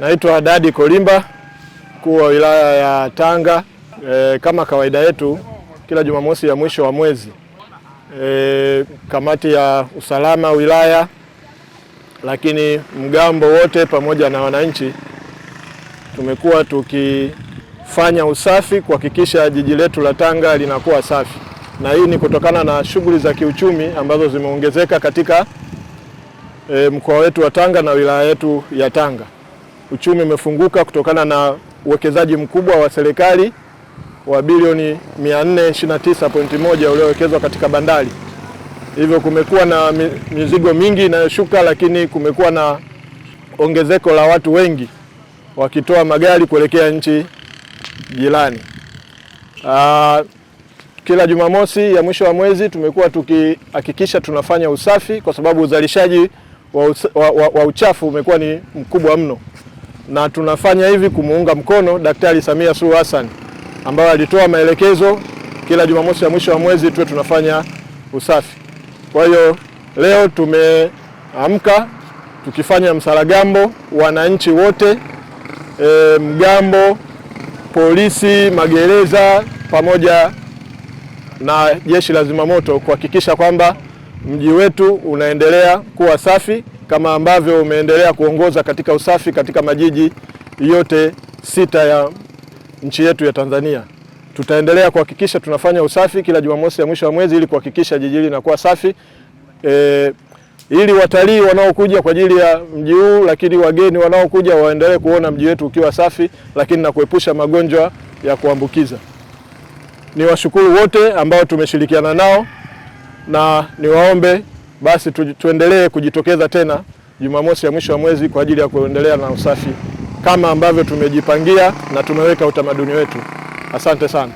Naitwa Dadi Kolimba, mkuu wa wilaya ya Tanga. E, kama kawaida yetu kila Jumamosi ya mwisho wa mwezi e, kamati ya usalama wilaya, lakini mgambo wote pamoja na wananchi tumekuwa tukifanya usafi kuhakikisha jiji letu la Tanga linakuwa safi, na hii ni kutokana na shughuli za kiuchumi ambazo zimeongezeka katika e, mkoa wetu wa Tanga na wilaya yetu ya Tanga uchumi umefunguka kutokana na uwekezaji mkubwa wa serikali wa bilioni 429.1 uliowekezwa katika bandari. Hivyo kumekuwa na mizigo mingi inayoshuka, lakini kumekuwa na ongezeko la watu wengi wakitoa magari kuelekea nchi jirani. Aa, ah, kila Jumamosi ya mwisho wa mwezi tumekuwa tukihakikisha tunafanya usafi kwa sababu uzalishaji wa, usa, wa, wa, wa uchafu umekuwa ni mkubwa mno na tunafanya hivi kumuunga mkono Daktari Samia Suluhu Hassan ambaye alitoa maelekezo kila Jumamosi ya mwisho wa mwezi tuwe tunafanya usafi. Kwa hiyo leo tumeamka tukifanya msaragambo wananchi wote e, mgambo, polisi, magereza pamoja na jeshi la zimamoto kuhakikisha kwamba mji wetu unaendelea kuwa safi kama ambavyo umeendelea kuongoza katika usafi katika majiji yote sita ya nchi yetu ya Tanzania. Tutaendelea kuhakikisha tunafanya usafi kila Jumamosi ya mwisho wa mwezi ili kuhakikisha jiji hili linakuwa safi e, ili watalii wanaokuja kwa ajili ya mji huu, lakini wageni wanaokuja waendelee kuona mji wetu ukiwa safi, lakini na kuepusha magonjwa ya kuambukiza. Ni washukuru wote ambao tumeshirikiana nao na niwaombe basi tu, tuendelee kujitokeza tena Jumamosi ya mwisho wa mwezi kwa ajili ya kuendelea na usafi kama ambavyo tumejipangia na tumeweka utamaduni wetu. Asante sana.